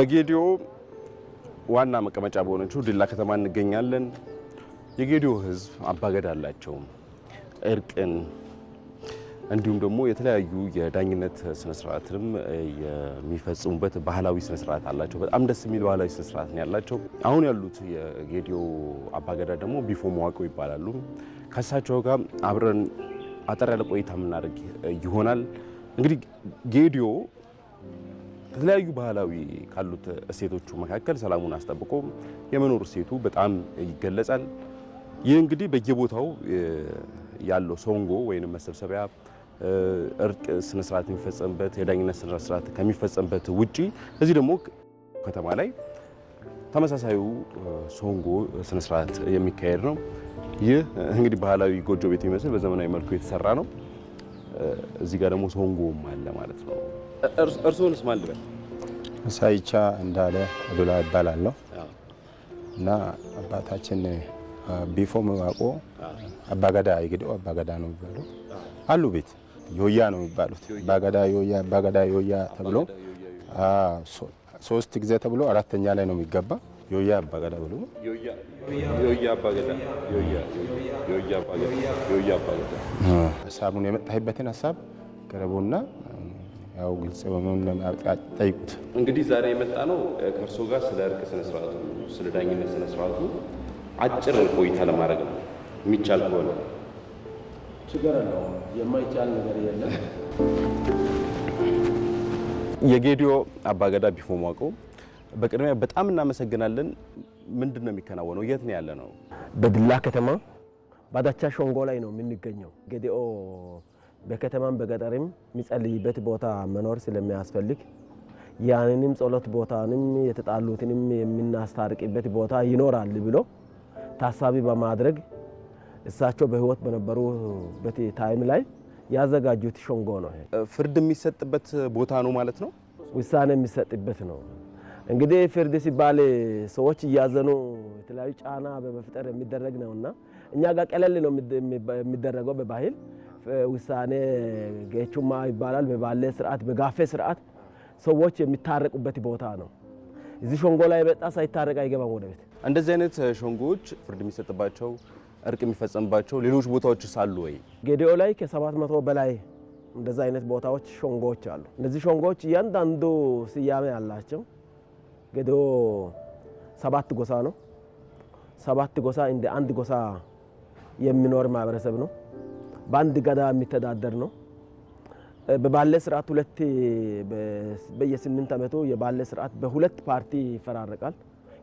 በጌዲዮ ዋና መቀመጫ በሆነችው ዲላ ከተማ እንገኛለን። የጌዲዮ ህዝብ አባገዳ አላቸው። እርቅን እንዲሁም ደግሞ የተለያዩ የዳኝነት ስነስርዓትንም የሚፈጽሙበት ባህላዊ ስነስርዓት አላቸው። በጣም ደስ የሚል ባህላዊ ስነስርዓት ነው ያላቸው። አሁን ያሉት የጌዲዮ አባገዳ ደግሞ ቢፎ መዋቅው ይባላሉ። ከእሳቸው ጋር አብረን አጠር ያለ ቆይታ የምናደርግ ይሆናል። እንግዲህ ጌዲዮ ከተለያዩ ባህላዊ ካሉት እሴቶቹ መካከል ሰላሙን አስጠብቆ የመኖር እሴቱ በጣም ይገለጻል። ይህ እንግዲህ በየቦታው ያለው ሶንጎ ወይም መሰብሰቢያ እርቅ ስነስርዓት የሚፈጸምበት የዳኝነት ስነስርዓት ከሚፈጸምበት ውጪ እዚህ ደግሞ ከተማ ላይ ተመሳሳዩ ሶንጎ ስነስርዓት የሚካሄድ ነው። ይህ እንግዲህ ባህላዊ ጎጆ ቤት የሚመስል በዘመናዊ መልኩ የተሰራ ነው። እዚህ ጋር ደግሞ ሶንጎም አለ ማለት ነው። እርስዎንስ ማን ልበል? ሳይቻ እንዳለ ዱላ እባላለሁ እና አባታችን ቢፎ መዋቆ አባገዳ ይግደው አባገዳ ነው የሚባሉ አሉ ቤት ዮያ ነው የሚባሉት አባገዳ ዮያ አባገዳ ዮያ ተብሎ ሶስት ጊዜ ተብሎ አራተኛ ላይ ነው የሚገባ ዮያ አባገዳ ብሎ ሀሳቡን የመጣህበትን ሀሳብ ቅረቡና ያው ግልጽ ጠይቁት። እንግዲህ ዛሬ የመጣ ነው ከእርሶ ጋር ስለ እርቅ ስነስርዓቱ፣ ስለ ዳኝነት ስነስርዓቱ አጭር ቆይታ ለማድረግ ነው የሚቻል ከሆነ ችግር ነው። የማይቻል ነገር የለም። የጌዲዮ አባገዳ ቢፎ ማውቀው በቅድሚያ በጣም እናመሰግናለን። ምንድን ነው የሚከናወነው? የት ነው ያለ ነው? በድላ ከተማ ባዳቻ ሾንጎ ላይ ነው የምንገኘው። ገዲኦ በከተማም በገጠርም የሚጸልይበት ቦታ መኖር ስለሚያስፈልግ ያንንም ጸሎት ቦታንም የተጣሉትንም የምናስታርቅበት ቦታ ይኖራል ብሎ ታሳቢ በማድረግ እሳቸው በህይወት በነበሩበት ታይም ላይ ያዘጋጁት ሾንጎ ነው። ፍርድ የሚሰጥበት ቦታ ነው ማለት ነው። ውሳኔ የሚሰጥበት ነው። እንግዲህ ፍርድ ሲባል ሰዎች እያዘኑ የተለያዩ ጫና በመፍጠር የሚደረግ ነውና እኛ ጋር ቀለል ነው የሚደረገው። በባህል ውሳኔ ጌቹማ ይባላል። በባለ ስርዓት፣ በጋፌ ስርዓት ሰዎች የሚታረቁበት ቦታ ነው። እዚህ ሾንጎ ላይ በጣ ሳይታረቅ አይገባም ወደ ቤት። እንደዚህ አይነት ሾንጎዎች ፍርድ የሚሰጥባቸው እርቅ የሚፈጸምባቸው ሌሎች ቦታዎች አሉ ወይ? ጌዲኦ ላይ ከሰባት መቶ በላይ እንደዚህ አይነት ቦታዎች ሾንጎዎች አሉ። እነዚህ ሸንጎዎች እያንዳንዱ ስያሜ አላቸው። ገዶ ሰባት ጎሳ ነው። ሰባት ጎሳ እንደ አንድ ጎሳ የሚኖር ማህበረሰብ ነው። በአንድ ገዳ የሚተዳደር ነው። በባለ ስርዓት ሁለት በየስምንት ዓመቱ የባለ ስርዓት በሁለት ፓርቲ ይፈራረቃል።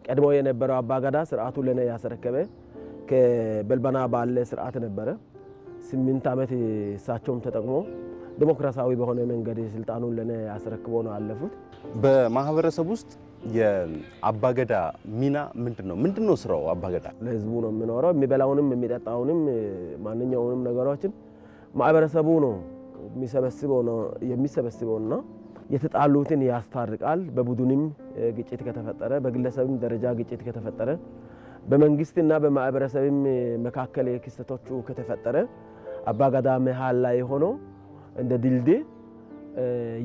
ቀድሞ የነበረው አባ ገዳ ስርዓቱ ለነ ያስረከበ ከበልበና ባለ ስርዓት ነበረ። ስምንት ዓመት እሳቸውም ተጠቅሞ ዲሞክራሲያዊ በሆነ መንገድ ስልጣኑን ለእኔ አስረክቦ ነው ያለፉት። በማህበረሰብ ውስጥ የአባገዳ ሚና ምንድን ነው? ምንድን ነው ስራው? አባገዳ ለህዝቡ ነው የሚኖረው። የሚበላውንም የሚጠጣውንም ማንኛውንም ነገሮችን ማህበረሰቡ ነው የሚሰበስበውና የተጣሉትን ያስታርቃል። በቡድንም ግጭት ከተፈጠረ፣ በግለሰብም ደረጃ ግጭት ከተፈጠረ፣ በመንግስትና በማህበረሰብም መካከል ክስተቶቹ ከተፈጠረ አባገዳ መሀል ላይ ሆኖ እንደ ድልድይ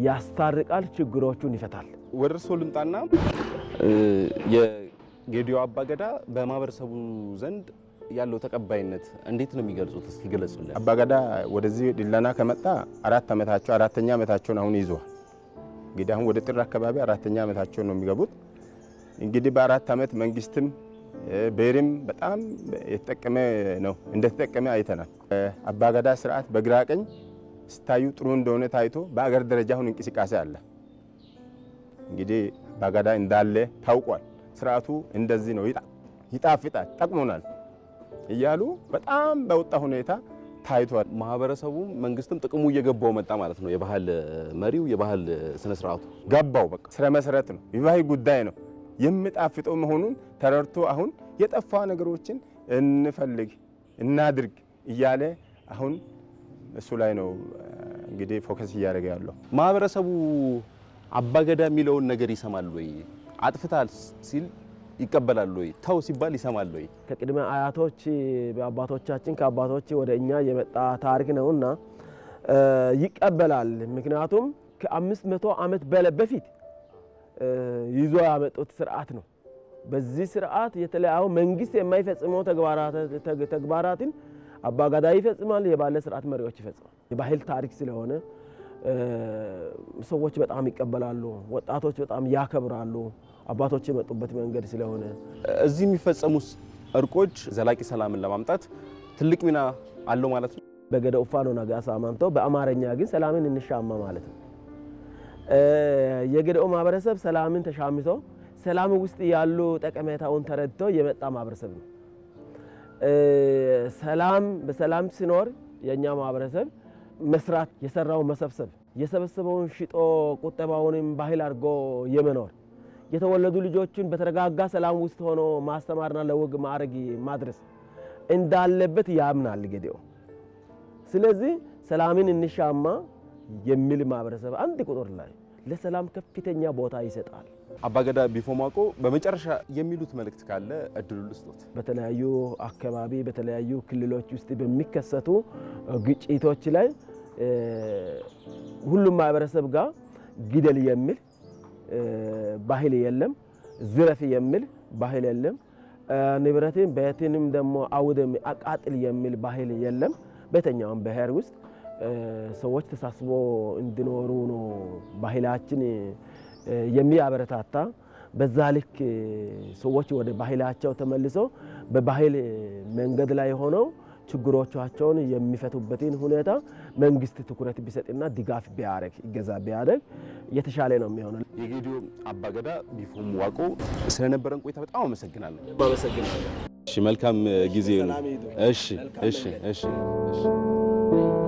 ያስታርቃል፣ ችግሮቹን ይፈታል። ወደ እርሶ ልምጣና የጌዲዮ አባገዳ በማህበረሰቡ ዘንድ ያለው ተቀባይነት እንዴት ነው የሚገልጹት? እስኪ ገለጹልን። አባገዳ ወደዚህ ድለና ከመጣ አራት ዓመታቸው አራተኛ ዓመታቸውን አሁን ይዟል። እንግዲህ አሁን ወደ ጥር አካባቢ አራተኛ ዓመታቸውን ነው የሚገቡት። እንግዲህ በአራት ዓመት መንግስትም ብሔርም በጣም የተጠቀመ ነው እንደተጠቀመ አይተናል። አባገዳ ስርዓት በግራ ቀኝ ስታዩ ጥሩ እንደሆነ ታይቶ በአገር ደረጃ አሁን እንቅስቃሴ አለ። እንግዲህ በገዳ እንዳለ ታውቋል። ስርዓቱ እንደዚህ ነው፣ ይጣፍጣል፣ ጠቅሞናል እያሉ በጣም በወጣ ሁኔታ ታይቷል። ማህበረሰቡም መንግስትም ጥቅሙ እየገባው መጣ ማለት ነው። የባህል መሪው የባህል ስነ ስርዓቱ ገባው። በቃ ስረ መሰረት ነው፣ የባህል ጉዳይ ነው። የሚጣፍጠው መሆኑን ተረድቶ አሁን የጠፋ ነገሮችን እንፈልግ እናድርግ እያለ አሁን እሱ ላይ ነው እንግዲህ ፎከስ እያደረገ ያለው ማህበረሰቡ። አባገዳ የሚለውን ነገር ይሰማል ወይ? አጥፍታል ሲል ይቀበላል ወይ? ተው ሲባል ይሰማል ወይ? ከቅድመ አያቶች አባቶቻችን ከአባቶች ወደ እኛ የመጣ ታሪክ ነውና ይቀበላል። ምክንያቱም ከአምስት መቶ ዓመት በፊት ይዞ ያመጡት ስርዓት ነው። በዚህ ስርዓት የተለያዩ መንግስት የማይፈጽመው ተግባራትን አባጋዳይ ይፈጽማል፣ የባለ ስርዓት መሪዎች ይፈጽማል። የባህል ታሪክ ስለሆነ ሰዎች በጣም ይቀበላሉ፣ ወጣቶች በጣም ያከብራሉ። አባቶች የመጡበት መንገድ ስለሆነ እዚህ የሚፈጸሙ እርቆች ዘላቂ ሰላምን ለማምጣት ትልቅ ሚና አለው ማለት ነው። በገደ ኡፋሎ ነጋሳ ሳማንቶ በአማርኛ ግን ሰላምን እንሻማ ማለት ነው። የገደኦ ማህበረሰብ ሰላምን ተሻምቶ ሰላም ውስጥ ያሉ ጠቀሜታውን ተረድቶ የመጣ ማህበረሰብ ነው። ሰላም በሰላም ሲኖር የእኛ ማህበረሰብ መስራት የሰራው መሰብሰብ የሰበሰበውን ሽጦ ቁጠባውንም ባህል አድርጎ የመኖር የተወለዱ ልጆችን በተረጋጋ ሰላም ውስጥ ሆኖ ማስተማርና ለወግ ማዕረግ ማድረስ እንዳለበት ያምናል ጌዴኦ። ስለዚህ ሰላምን እንሻማ የሚል ማህበረሰብ አንድ ቁጥር ላይ ለሰላም ከፍተኛ ቦታ ይሰጣል። አባገዳ ቢፎማቆ በመጨረሻ የሚሉት መልእክት ካለ እድሉ ልስጦት። በተለያዩ አካባቢ በተለያዩ ክልሎች ውስጥ በሚከሰቱ ግጭቶች ላይ ሁሉም ማህበረሰብ ጋር ግደል የሚል ባህል የለም፣ ዝረፍ የሚል ባህል የለም፣ ንብረትን ቤትንም ደግሞ አውደም አቃጥል የሚል ባህል የለም። በየትኛውም ብሔር ውስጥ ሰዎች ተሳስቦ እንዲኖሩ ነው ባህላችን የሚያበረታታ በዛ ልክ ሰዎች ወደ ባህላቸው ተመልሰው በባህል መንገድ ላይ ሆነው ችግሮቻቸውን የሚፈቱበትን ሁኔታ መንግስት ትኩረት ቢሰጥና ድጋፍ ቢያደርግ ይገዛ ቢያደርግ የተሻለ ነው የሚሆነው። የጌዲዮ አባገዳ ቢፎም ዋቆ ስለነበረን ቆይታ በጣም አመሰግናለሁ። አመሰግናለሁ። መልካም ጊዜ ነው። እሺ፣ እሺ፣ እሺ፣ እሺ።